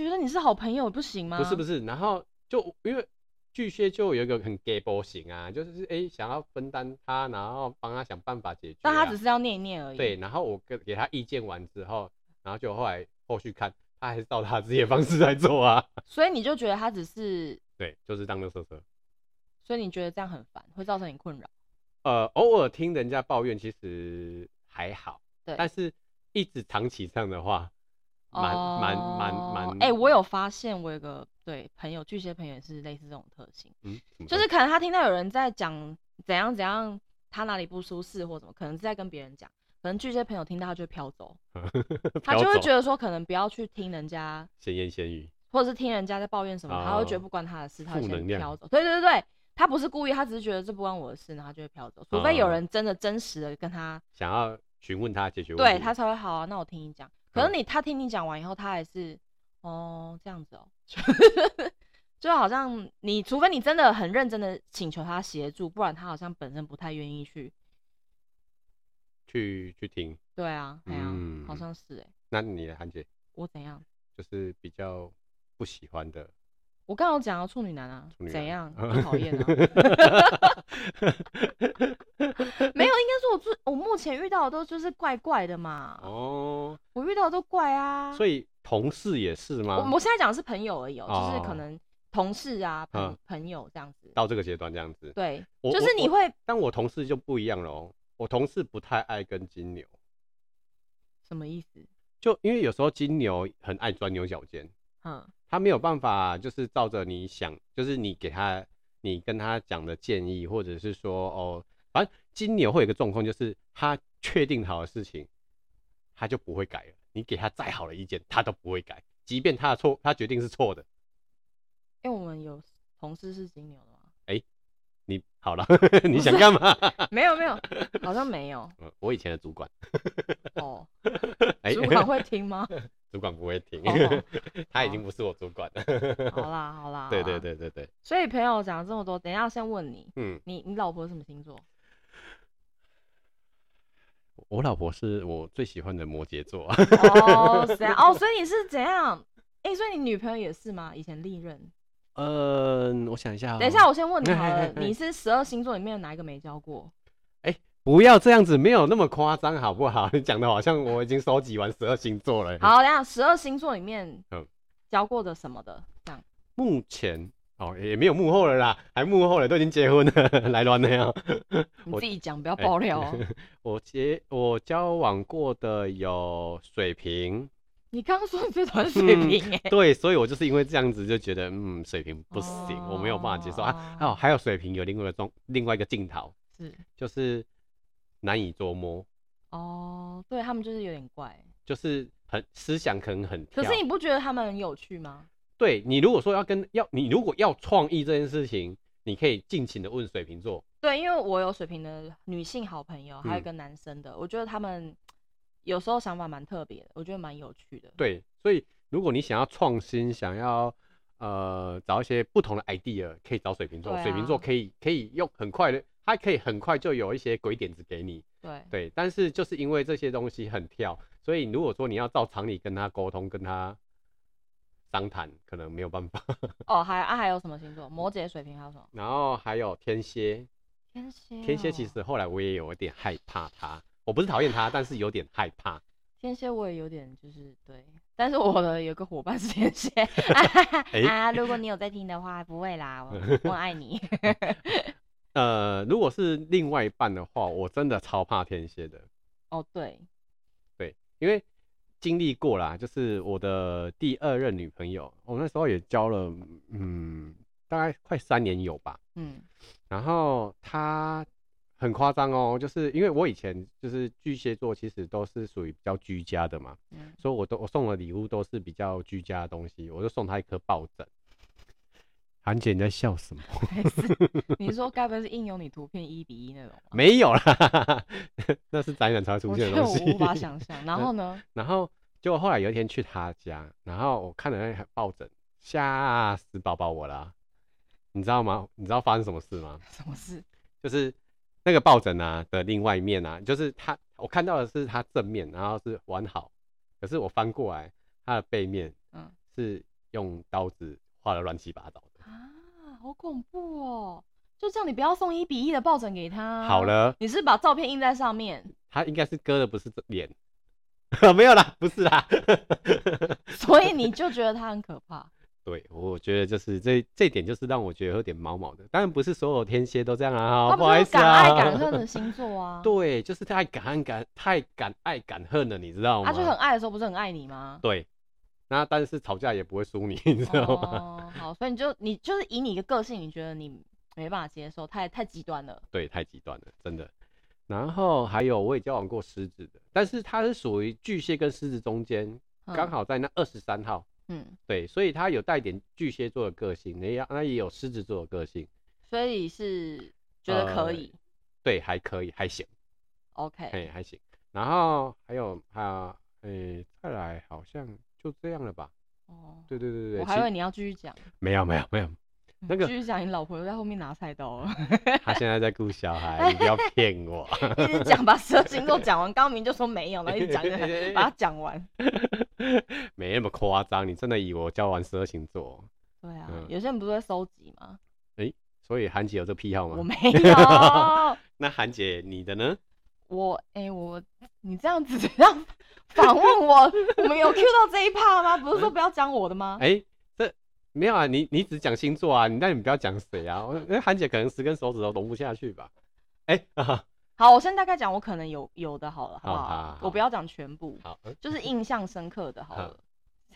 覺得你是好朋友不行嗎？不是不是，然後就因為巨蟹就有一個很 gay boy 型啊，就是哎、欸、想要分擔他，然後幫他想辦法解決、啊。但他只是要念一念而已。對，然後我給給他意見完之後，然後就後來後續看他還是照他自己的方式在做啊。所以你就覺得他只是對，就是當個色色。所以你覺得這樣很煩，會造成你困擾？呃，偶爾聽人家抱怨其實還好，對，但是一直長期這樣的話。蠻蠻蠻蠻哎，我有發現我，我有個對朋友巨蟹朋友也是類似這種特性，嗯，嗯，就是可能他聽到有人在講怎樣怎樣，他哪裡不舒適或怎麼，可能是在跟別人講，可能巨蟹朋友聽到他就會飄走， <laughs> 走，他就會覺得說可能不要去聽人家閒言閒語，或者是聽人家在抱怨什麼，啊、他會覺得不關他的事，他就先飄走。對對對，他不是故意，他只是覺得這不關我的事，然後他就會飄走，除非有人真的、啊、真實的跟他想要詢問他解決問題，對他才會好啊。那我聽你講。可是你，他聽你講完以後，他還是，哦，這樣子哦， <laughs> 就好像你除非你真的很認真的請求他協助，不然他好像本身不太願意去，去去聽。對啊，對啊，嗯、好像是哎、欸。那你的韓姐，我怎樣？就是比較不喜歡的。我剛剛講到處女男啊，怎樣很討厭、嗯、啊？ <laughs> <laughs> 沒有，應該說我最我目前遇到的都就是怪怪的嘛。哦，我遇到的都怪啊。所以同事也是嗎？我我現在講的是朋友而已、喔哦，就是可能同事啊、嗯，朋友這樣子。到這個階段這樣子。對，就是你會。我我我但我同事就不一樣咯。我同事不太愛跟金牛。什麼意思？就因為有時候金牛很愛鑽牛角尖。嗯。他沒有辦法，就是照着你想，就是你給他，你跟他講的建議，或者是說，哦，反正金牛會有一個狀況，就是他確定好的事情，他就不會改了。你給他再好的意見，他都不會改，即便他的錯，他決定是錯的。因、欸、為我們有同事是金牛的嗎？哎、欸，你好了， <laughs> 你想幹嘛 <laughs> 沒？沒有沒有， <laughs> 好像沒有。我以前的主管。 <laughs> 哦，主管會聽嗎？欸 <laughs> 主管不會聽、oh,，oh. <laughs> 他已經不是我主管了。好啦，好啦，對對對對對，對。所以朋友講了這麼多，等一下先問你，嗯，你你老婆什麼星座？我老婆是我最喜歡的摩羯座。哦、 <laughs> oh,，所以哦，所以你是怎樣？哎、欸，所以你女朋友也是嗎？以前歷任，嗯，我想一下、哦。等一下，我先問你，好了。Hey, hey, hey. 你是十二星座裡面哪一個沒交過？不要這樣子，沒有那麼誇張，好不好？你講的好像我已經收集完十二星座了。 <laughs> 好，那十二星座裡面，嗯，交過的什麼的？這樣，目前哦，也沒有幕後了啦，還幕後了，都已經結婚了，呵呵來亂那樣。你自己講，不要爆料哦。我結，我交往過的有水瓶。你剛說的最討厭水瓶，哎、嗯，對，所以我就是因為這樣子就覺得，嗯，水瓶不行、哦，我沒有辦法接受啊。哦，還有水瓶有另外一個另外一個鏡頭是，就是。難以捉摸哦、oh，對，他們就是有點怪，欸，就是很思想可能很。可是你不覺得他們很有趣嗎？對，你如果說要跟要你如果要創意這件事情，你可以盡情的問水瓶座。對，因為我有水瓶的女性好朋友，還有一個男生的，嗯、我覺得他們有時候想法蠻特別的，我覺得蠻有趣的。對，所以如果你想要創新，想要呃找一些不同的 idea，可以找水瓶座，啊、水瓶座可以可以用很快的。他可以很快就有一些鬼點子給你，對對，但是就是因為這些東西很跳，所以如果說你要照常理跟他溝通、跟他商談，可能沒有辦法。 <laughs> 哦、還、啊、還有什麼星座？摩羯、水瓶還有什麼？然後還有天蠍，天蠍、喔，天蠍其實後來我也有一點害怕他，我不是討厭他，但是有點害怕天蠍。我也有點就是對，但是我的有個夥伴是天蠍 <laughs> 啊、欸、啊。如果你有在聽的話，不會啦，我愛你。 <laughs> 呃，如果是另外一半的話，我真的超怕天蠍的。哦，對，對，因為經歷過啦，就是我的第二任女朋友，我那時候也交了，嗯，大概快三年有吧，嗯，然後她很誇張哦，就是因為我以前就是巨蟹座，其實都是屬於比較居家的嘛，嗯，所以我都我送的禮物都是比較居家的東西，我就送她一顆抱枕。韓姐，你在笑什麼？ <laughs> 欸、是你說該不會是應用你圖片一比一那種？ <laughs> 沒有啦，那 <laughs> 是展覽才會出現的東西。我，我無法想象。然後呢？ <laughs> 然後，結果後來有一天去他家，然後我看了那抱枕，嚇死寶寶我了、啊。你知道嗎？你知道發生什麼事嗎？ <laughs> 什麼事？就是那個抱枕啊的另外一面啊，就是他，我看到的是他正面，然後是完好。可是我翻過來，它的背面，嗯，是用刀子畫的亂七八糟。嗯啊，好恐怖哦！就這樣，你不要送一比一的抱枕給他、啊。好了，你是把照片印在上面。他應該是割的，不是臉。 <laughs> 沒有啦，不是啦。 <laughs> 所以你就覺得他很可怕。 <laughs> 對，我覺得就是這這一點，就是讓我覺得有點毛毛的。當然不是所有天蠍都這樣啊，他不是敢愛敢恨的星座啊？ <laughs> 對，就是太敢愛敢太敢愛敢恨了，你知道嗎？他就很愛的時候，不是很愛你嗎？對。那但是吵架也不會輸你，你知道嗎？哦，好，所以你就你就是以你的個性，你覺得你沒辦法接受，太太極端了。對，太極端了，真的。然後還有我也交往過獅子的，但是他是屬於巨蟹跟獅子中間，嗯，剛好在那二十三號。嗯，對，所以他有帶點巨蟹座的個性，那也那也有獅子座的個性，所以是覺得可以。呃，對，還可以，還行。OK。哎，還行。然後還有還有，哎，欸，再來好像。就這樣了吧。哦，對對對對，我還以為你要繼續講。沒有沒有沒有，那個繼續講，你老婆又在後面拿菜刀了。 <laughs> 他現在在顧小孩， <laughs> 你不要騙我。 <laughs> 一直講，把十二星座講完。剛 <laughs> 明就說沒有了，一直講， <laughs> 把它講講完。 <laughs> 沒那麼誇張，你真的以為我教完十二星座？對啊、嗯，有些人不是在收集嗎？哎、欸，所以韓姐有這癖好嗎？我沒有。 <laughs> 那韓姐，你的呢？我哎、欸、我。你這樣子這樣反問我， <laughs> 我們有 Q 到這一趴嗎？不是說不要講我的嗎？哎、欸，這沒有啊，你你只講星座啊，你那你們不要講誰啊我？因為韓姐可能十根手指都容不下去吧？哎、欸， <laughs> 好，我現在大概講我可能有有的好了，好不好？哦、好好我不要講全部，好，就是印象深刻的，好了，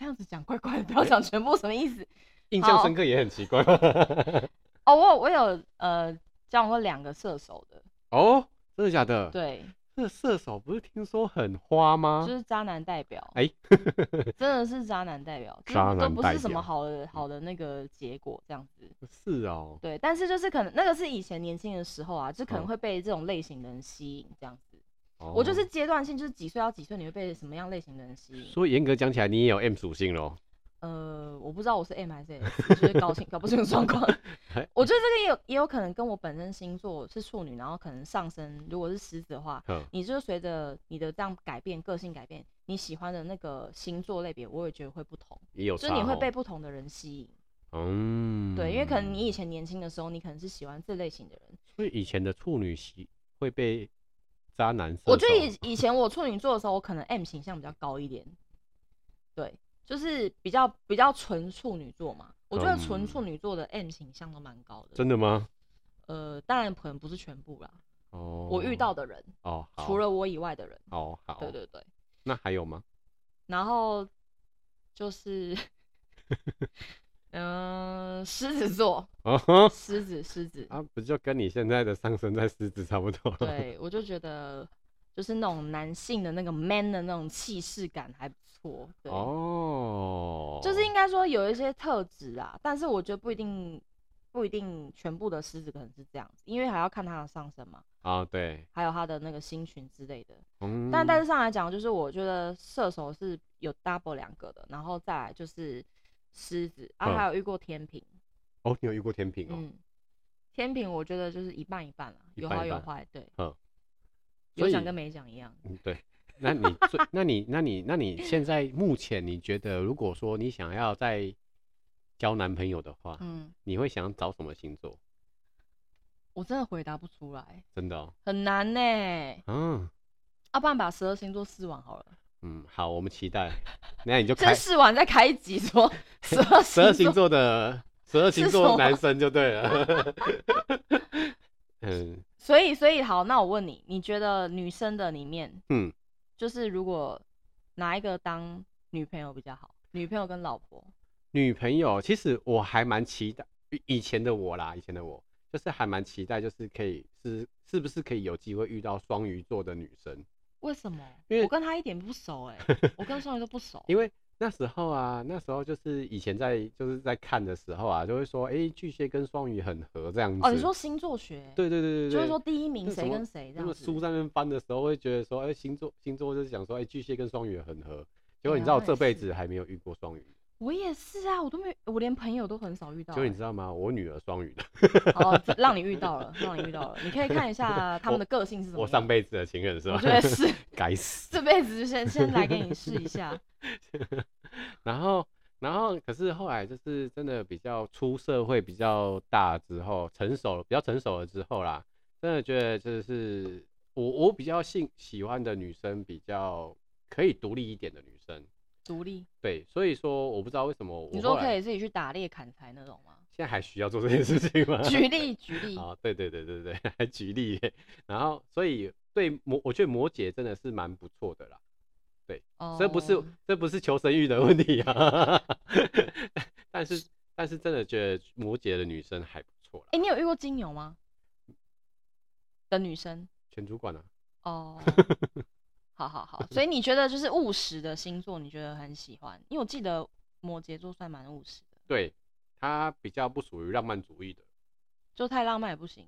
嗯、 <laughs> 這樣子講怪怪的，不要講全部什麼意思、欸？印象深刻也很奇怪。 <laughs> <laughs> 哦，我我有呃交過兩個射手的。哦，真的假的？對。這射手不是聽說很花嗎？就是渣男代表，哎、欸， <laughs> 真的是渣男代表，渣男代表，都不是什麼好的好的那個結果這樣子。是哦，對，但是就是可能那個是以前年輕的時候啊，就可能會被這種類型的人吸引這樣子。哦、我就是階段性，就是幾歲到幾歲你會被什麼樣類型的人吸引？所以嚴格講起來，你也有 M 屬性咯呃，我不知道我是 M 還是 S，就是搞清搞 <laughs> 不清楚狀況。 <laughs> 我覺得這個也有也有可能跟我本身星座是處女，然後可能上升，如果是獅子的話，你就隨着你的這樣改變個性改變，你喜歡的那個星座類別，我也覺得會不同。也有、哦，就是你會被不同的人吸引。嗯，對，因為可能你以前年輕的時候，你可能是喜歡這類型的人。所以以前的處女喜會被渣男。我覺得以以前我處女座的時候，我可能 M 形象比較高一點。對。就是比較比較純處女座嘛，嗯、我覺得純處女座的 M 形象都蠻高的。真的嗎？呃，當然可能不是全部啦。哦、oh。我遇到的人。哦、oh。除了我以外的人。哦好。對對對。那還有嗎？然後就是，嗯、 <laughs> 呃，獅子座。哦。獅子，獅子。啊，不就跟你現在的上升在獅子差不多？ <laughs> 對，我就覺得就是那種男性的那個 man 的那種氣勢感還不。對哦，就是應該說有一些特質啊，但是我覺得不一定不一定，全部的獅子可能是這樣子，因為還要看它的上升嘛啊對，還有它的那個星群之類的，但但是上來講，就是我覺得射手是有 double 兩個的，然後再來就是獅子啊，還有遇過天秤哦，你有遇過天秤哦，天秤我覺得就是一半一半啊，有好有壞，對，嗯，有講跟沒講一樣，嗯對。 <laughs> 那你最？那你那你那你現在目前你覺得，如果說你想要再交男朋友的話，嗯，你會想找什麼星座？我真的回答不出來，真的，喔，很難呢。嗯，啊，阿，啊，不然，啊、把十二星座試完好了。嗯，好，我們期待。那你就先試完再開一集，說十二十二星座的十二星座男生就對了。 <laughs> <laughs> 嗯，所以所以好，那我問你，你覺得女生的裡面，嗯。就是如果哪一個當女朋友比較好，女朋友跟老婆。女朋友其實我還蠻期待以前的我啦，以前的我就是還蠻期待，就是可以是是不是可以有機會遇到雙魚座的女生？為什麼？我跟她一點不熟誒、欸， <laughs> 我跟雙魚座不熟。因為。那時候啊，那時候就是以前在就是在看的時候啊，就會說，哎、欸，巨蟹跟雙魚很合這樣子。哦，你說星座學？對對對對就是說第一名誰跟誰這樣子。那麼書上面翻的時候，會覺得說，哎、欸，星座星座就是講說，哎、欸，巨蟹跟雙魚很合。結果你知道，我這輩子還沒有遇過雙魚。我也是啊，我都沒，我連朋友都很少遇到、欸。就你知道嗎？我女兒雙魚的，哦、 <laughs> oh,，讓你遇到了，讓你遇到了，你可以看一下他們的個性是什麼我。我上輩子的情人是吧？我是該死。 <laughs> 這輩子就先先來給你試一下。 <laughs> 然後、然後，可是後來就是真的比較出社會比較大之後，成熟了，比較成熟了之後啦，真的覺得就是我我比較信喜歡的女生，比較可以獨立一點的女生。獨立，對，所以說我不知道為什麼你說可以自己去打獵砍柴那種嗎？現在還需要做這件事情嗎？舉例舉例啊，對對對對對，還舉例、欸。然後所以對摩，我覺得摩羯真的是蠻不錯的啦，對，哦、這不是這不是求生欲的問題、啊， <laughs> 但是但是真的覺得摩羯的女生還不錯。哎、欸，你有遇過金牛嗎？的女生？全主管啊？哦。 <laughs> 好好好， <laughs> 所以你覺得就是務實的星座，你覺得很喜歡？因為我記得摩羯座算蠻務實的，對，他比較不屬於浪漫主義的，就太浪漫也不行，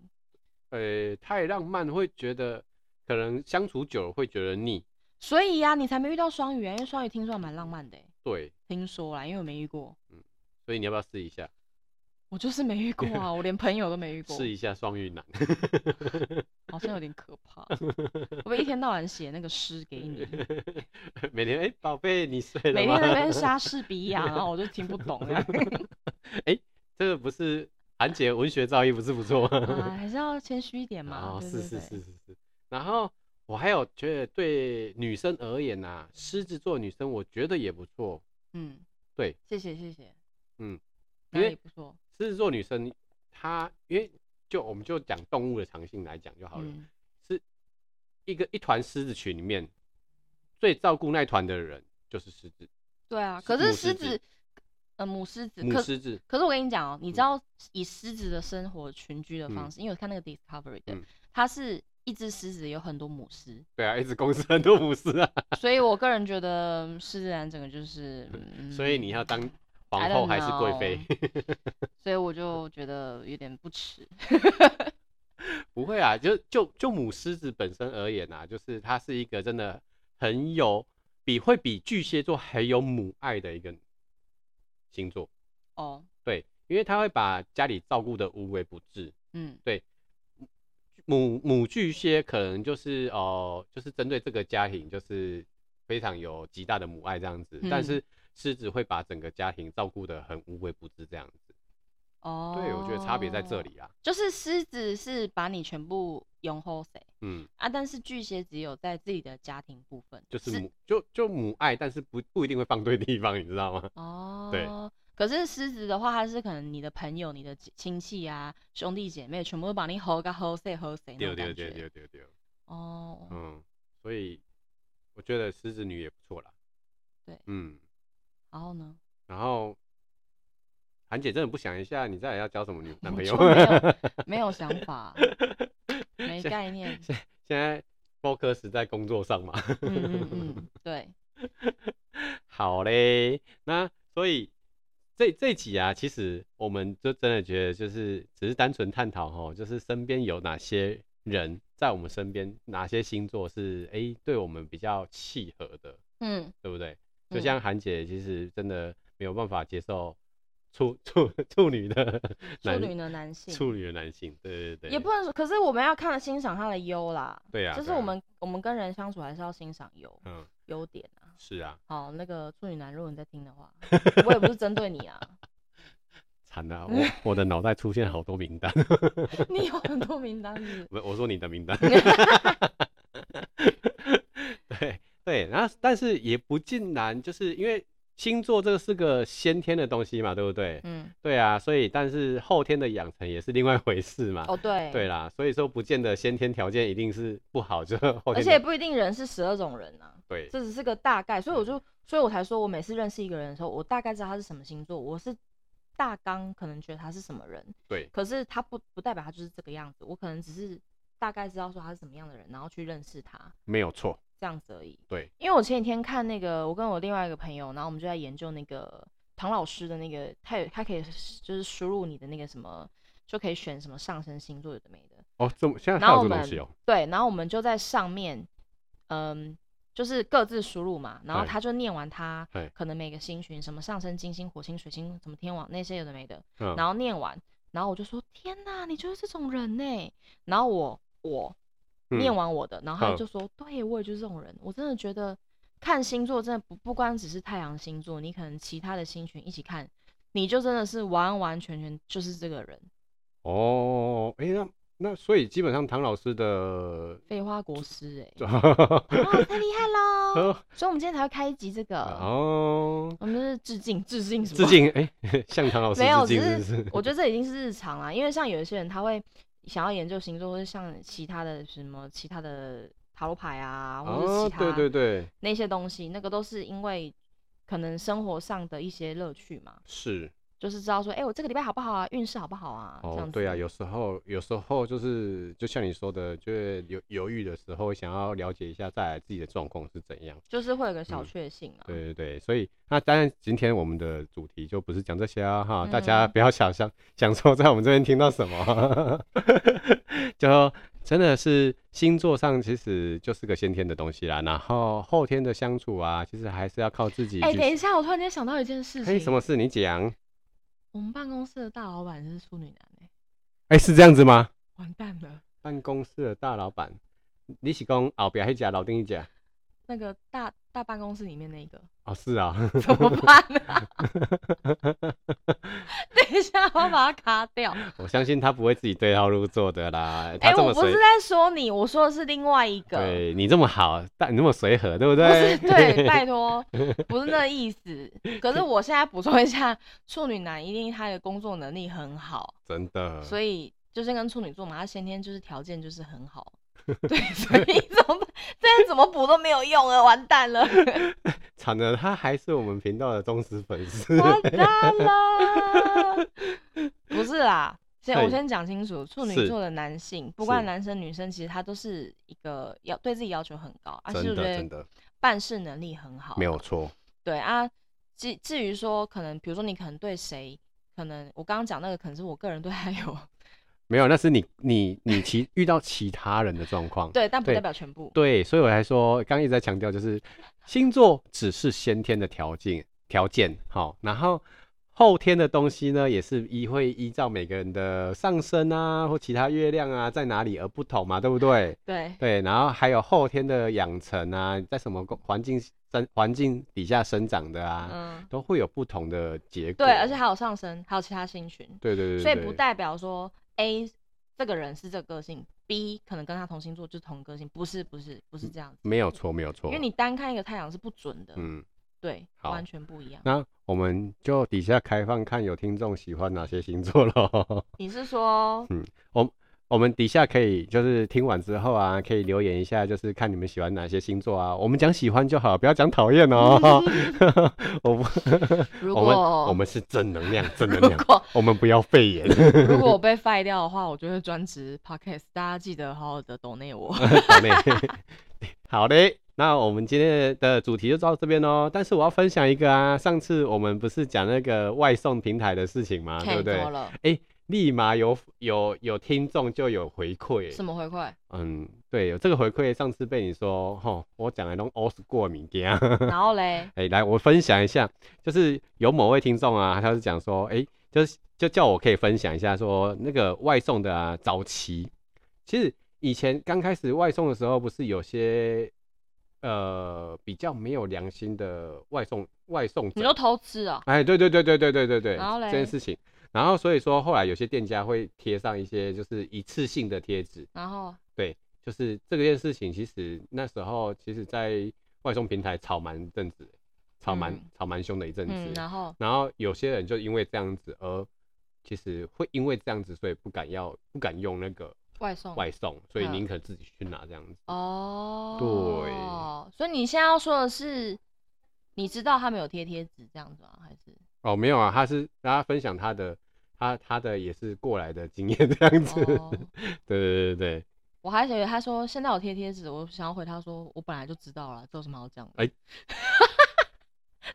呃、欸，太浪漫會覺得可能相處久了會覺得膩，所以呀、啊，你才沒遇到雙魚啊，因為雙魚聽說蠻浪漫的、欸，對，聽說啦，因為我沒遇過，嗯，所以你要不要試一下？我就是沒遇過啊，我連朋友都沒遇過。試 <laughs> 一下雙魚男 <laughs> ，好像有點可怕。我一天到晚寫那個詩給你， <laughs> 每天哎，寶、欸、貝你睡了。每天那邊莎士比亞， <laughs> 然後我就聽不懂。哎 <laughs> 這樣 <laughs> 欸，這個不是韓姐文學造詣不是不錯嗎？啊、還是要謙虛一點嘛。哦，是是是是是。然後我還有覺得對女生而言吶、啊，獅子座女生我覺得也不錯。嗯，對。謝謝謝謝。嗯，哪裡不錯？獅子座女生，她因為就我們就講動物的常性來講就好了，嗯、是一個一團獅子群裡面最照顧那團的人就是獅子。對啊，可是獅子，呃，母獅子，母獅子、子、子、子。可是我跟你講哦、喔，你知道以獅子的生活群居的方式，嗯、因為我看那個 Discovery 的、嗯，它是一隻獅子有很多母獅。對啊，一隻公獅很多母獅啊。所以，我個人覺得獅子男整個就是，嗯、所以你要當。皇後還是貴妃， <laughs> 所以我就覺得有點不齒 <laughs> 。 <laughs> 不會啊，就就就母獅子本身而言啊，就是他是一個真的很有比會比巨蟹座很有母愛的一個星座。哦、oh.，對，因為他會把家裡照顧得無微不至。嗯，對，母母巨蟹可能就是哦，就是針對這個家庭，就是非常有極大的母愛這樣子，嗯、但是。獅子會把整個家庭照顧得很無微不至，這樣子，哦，對，我覺得差別在這裡啊，就是獅子是把你全部用後誰，嗯啊，但是巨蟹只有在自己的家庭部分，就是母是就就母愛，但是不不一定會放對地方，你知道嗎？哦、oh，對，可是獅子的話，它是可能你的朋友、你的親戚啊、兄弟姐妹，全部都把你 hold hold 誰 hold 誰那種感覺，對對對對對，哦、oh.，嗯，所以我覺得獅子女也不錯啦，對，嗯。然後呢？然後，韓姐真的不想一下，你這要交什麼女男朋友？沒有， <laughs> 沒有想法， <laughs> 沒概念。現在，現在 focus 在工作上嘛。 <laughs> 嗯，嗯，嗯，對。好嘞，那所以這這集啊，其實我們就真的覺得就是只是單純探討哈，就是身邊有哪些人在我們身邊，哪些星座是哎、欸、對我們比較契合的，嗯，對不對？就像韓姐，其實真的沒有辦法接受處處處女的男處女的男性，處女的男性，對對對，也不能說。可是我們要看欣賞他的優啦，對呀、啊，就是我們、對啊、我們跟人相處還是要欣賞優，嗯，優點啊，是啊。好，那個處女男，如果你在聽的話，我也不是針對你啊，慘 <laughs> 啊！我我的腦袋出現好多名單， <laughs> <laughs> 你有很多名單是不是？我我說你的名單。 <laughs> 對，然、啊、後但是也不盡然，就是因為星座這個是個先天的東西嘛，對不對？嗯，對啊，所以但是後天的養成也是另外一回事嘛。哦，對，對啦，所以說不見得先天條件一定是不好，就，後天就而且不一定人是十二種人吶、啊。對，這只是個大概，所以我就，所以我才說我每次認識一個人的時候，我大概知道他是什麼星座，我是大綱可能覺得他是什麼人，對，可是他不不代表他就是這個樣子，我可能只是大概知道說他是什麼樣的人，然後去認識他，沒有錯。這樣子而已。對，因為我前幾天看那個，我跟我另外一個朋友，然後我們就在研究那個唐老師的那個，他有他可以就是輸入你的那個什麼，就可以選什麼上升星座有的沒的。哦，怎麼現在還有這個東西哦。對，然後我們就在上面，嗯，就是各自輸入嘛，然後他就念完他可能每個星群什麼上升金星、火星、水星什麼天王那些有的沒的、嗯，然後念完，然後我就說：天哪、啊，你就是這種人呢、欸。然後我我。念完我的、嗯，然後他就說：“對，我也就是這種人，我真的覺得看星座真的不不光只是太陽星座，你可能其他的星群一起看，你就真的是完完全全就是這個人。”哦，哎、欸，那那所以基本上唐老師的廢話國師、欸，哎、 <laughs> 啊，太厲害了！ <laughs> 所以我們今天才會開一集這個哦， <laughs> 我們是致敬致敬什麼致敬，哎、欸，向唐老師致敬 <laughs> 沒有。只是我覺得這已經是日常了， <laughs> 因為像有一些人他會。想要研究星座，或是像其他的什麼其他的塔羅牌啊，或是其他那些東西，哦、對對對，那些東西，那個都是因為可能生活上的一些樂趣嘛。是。就是知道說，哎、欸，我這個禮拜好不好啊？運勢好不好啊，這樣子？哦，對啊，有時候，有時候就是，就像你說的，就是猶猶豫的時候，想要了解一下在自己的狀況是怎樣，就是會有個小確幸啊、嗯。對對對，所以那當然，今天我們的主題就不是講這些啊，哈，嗯、大家不要想象想說在我們這邊聽到什麼， <laughs> 就真的是星座上其實就是個先天的東西啦，然後後天的相處啊，其實還是要靠自己。哎、欸，等一下，我突然間想到一件事情，哎、欸，什麼事？你講。我們辦公室的大老闆是處女男。哎、欸，哎、欸，是這樣子嗎？完蛋了！辦公室的大老闆，你是講老表還是老丁？家，那個大。大辦公室裡面那個哦，是啊，怎麼辦呢、啊？ <laughs> <laughs> 等一下，我要把它卡掉。我相信他不會自己對號入座的啦。哎、欸，我不是在說你，我說的是另外一個。對，你這麼好，但你這麼隨和，對不對？不是，對， <laughs> 拜託，不是那個意思。可是我現在補充一下， <laughs> 處女男一定他的工作能力很好，真的。所以就是跟處女座嘛，他先天就是條件就是很好。對，所以怎麼辦？這樣怎麼補都沒有用啊！完蛋了。慘 <laughs> <laughs> 了，他還是我們頻道的忠實粉絲。 <laughs> 完蛋了。不是啦，先我先講清楚，處女座的男性，不管男生女生，其實他都是一個要對自己要求很高，而是，啊、我覺得辦事能力很好。沒有錯。對啊，至至於說可能，比如說你可能對誰，可能我剛剛講那個，可能是我個人對他有。沒有，那是你你你其，遇到其他人的狀況， <laughs> 對，但不代表全部。對，所以我才說，剛一直在強調，就是星座只是先天的條件條件，好，然後後天的東西呢，也是依會依照每個人的上升啊或其他月亮啊在哪裡而不同嘛，對不對？對對，然後還有後天的養成啊，在什麼環境生環境底下生長的啊、嗯，都會有不同的結果。對，而且還有上升，還有其他星群。對對對，對，對，所以不代表說。A 這個人是這個個性，B 可能跟他同星座就是同個性，不是不是不是這樣子，沒有錯沒有錯，因為你單看一個太陽是不準的，嗯對，完全不一樣。那我們就底下開放看有聽眾喜歡哪些星座咯。 <laughs> 你是說 <laughs> 嗯，嗯我。我們底下可以就是聽完之後啊，可以留言一下，就是看你們喜歡哪些星座啊。我們講喜歡就好，不要講討厭哦。嗯、 <laughs> 我，如果 <laughs> 我們我們是正能量，正能量。我們不要肺炎。 <laughs> 如果我被 fire 掉的話，我就會專職 podcast。大家記得好好的 donate 我。donate <laughs> o <laughs> 好嘞，那我們今天的主題就到這邊囉。但是我要分享一個啊，上次我們不是講那個外送平台的事情嗎？Okay, 對不對？欸，立馬有有有聽眾就有回饋，什麼回饋？嗯，對，有這個回饋。上次被你說哈，我講了種 OS 過敏的啊。 <laughs> 然後嘞，哎、欸，來我分享一下，就是有某位聽眾啊，他是講說，哎、欸，就是就叫我可以分享一下說，說那個外送的啊，早期其實以前剛開始外送的時候，不是有些呃比較沒有良心的外送外送，你都偷吃了、喔、哎，欸、對,對對對對對對對對，然後咧這件事情。然後，所以說後來有些店家會貼上一些就是一次性的貼紙。然後，對，就是這個件事情，其實那時候其實在外送平台吵蠻一陣子，吵蠻吵，嗯，蠻凶的一陣子，嗯嗯。然後，然後有些人就因為這樣子而，其實會因為這樣子所以不敢要不敢用那個外送外送，所以寧可自己去拿這樣子，呃。哦，對，所以你現在要說的是，你知道他沒有貼貼紙這樣子啊？還是？哦，沒有啊，他是大家分享他的。他他的也是過來的經驗這樣子、oh.， <laughs> 對對對對我還以為他說現在我貼貼紙，我想要回他說我本來就知道了，有什麼好講的？哎、欸 <laughs>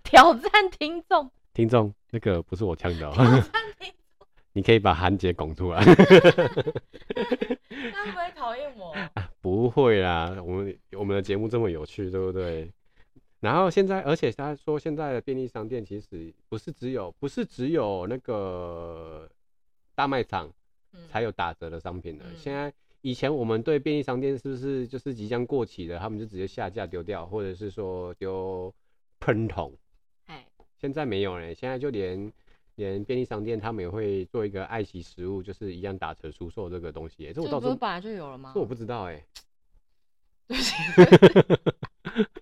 這個喔，挑戰聽眾，聽眾那個不是我嗆的。你可以把韓姐拱出來。 <laughs> <laughs> 他不會討厭我、啊、不會啦，我們我們的節目這麼有趣，對不對？然後現在，而且他說，現在的便利商店其實不是只有，不是只有那個大賣場才有打折的商品了，嗯嗯。現在以前我們對便利商店是不是就是即將過期的，他們就直接下架丟掉，或者是說丟噴桶，哎？現在沒有了。現在就連連便利商店他們也會做一個愛惜食物，就是一樣打折出售這個東西。這我不本來就有了嗎？這我不知道哎，對 <laughs> <laughs>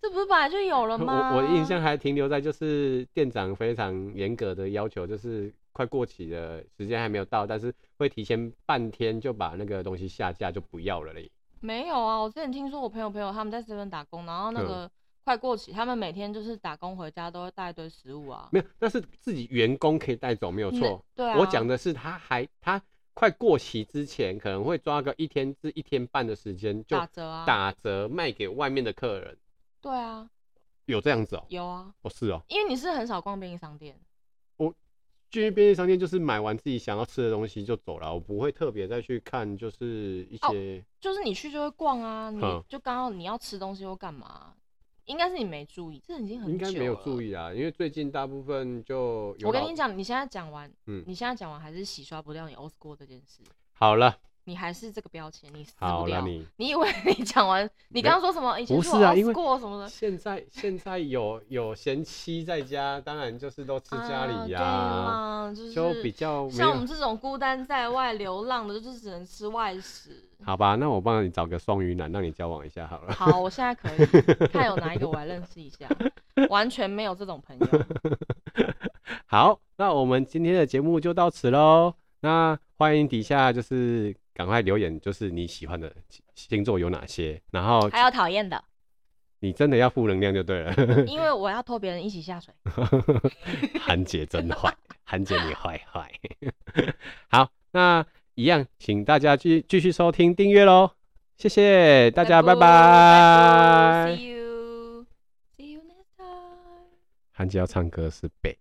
這不是本來就有了嗎？我我的印象還停留在就是店長非常嚴格的要求，就是快過期的時間還沒有到，但是會提前半天就把那個東西下架，就不要了嘞。沒有啊，我之前聽說我朋友朋友他們在這邊打工，然後那個快過期，他們每天就是打工回家都會帶一堆食物啊。沒有，那是自己員工可以帶走，沒有錯。對啊，我講的是他還他快過期之前可能會抓個一天至一天半的時間就打折啊，打折賣給外面的客人。對啊，有這樣子哦、喔，有啊，哦是哦、喔，因為你是很少逛便利商店。我去便利商店就是買完自己想要吃的東西就走了，我不會特別再去看就是一些。哦，就是你去就會逛啊，你、嗯、就剛好你要吃東西或幹嘛，應該是你沒注意，這已經很久了，應該沒有注意啊，因為最近大部分就有，我跟你講，你現在講完，嗯，你現在講完還是洗刷不掉你 old school 這件事，好了。你還是這個標籤，你死不了，好你，你以為你講完，你剛剛說什麼？以前是我不是啊，因為過什麼的。現在現在有有賢妻在家，當然就是都吃家裡呀、啊啊。對啊，就是就比較像我們這種孤單在外流浪的，就只能吃外食。好吧，那我幫你找個雙魚男讓你交往一下好了。好，我現在可以 <laughs> 看有哪一個我來認識一下， <laughs> 完全沒有這種朋友。 <laughs> 好，那我們今天的節目就到此嘍。那歡迎底下就是。趕快留言，就是你喜歡的星座有哪些。然後還有討厭的，你真的要負能量就對了， <laughs> 因為我要拖別人一起下水。涵 <laughs> <laughs> 姐真壞，涵 <laughs> 姐你壞壞。 <laughs> 好，那一樣，請大家繼繼，繼續收聽、訂閱嘍，謝謝大家，拜拜。Bye -bye. Bye -bye. See you. See you next time. 涵姐要唱歌是倍。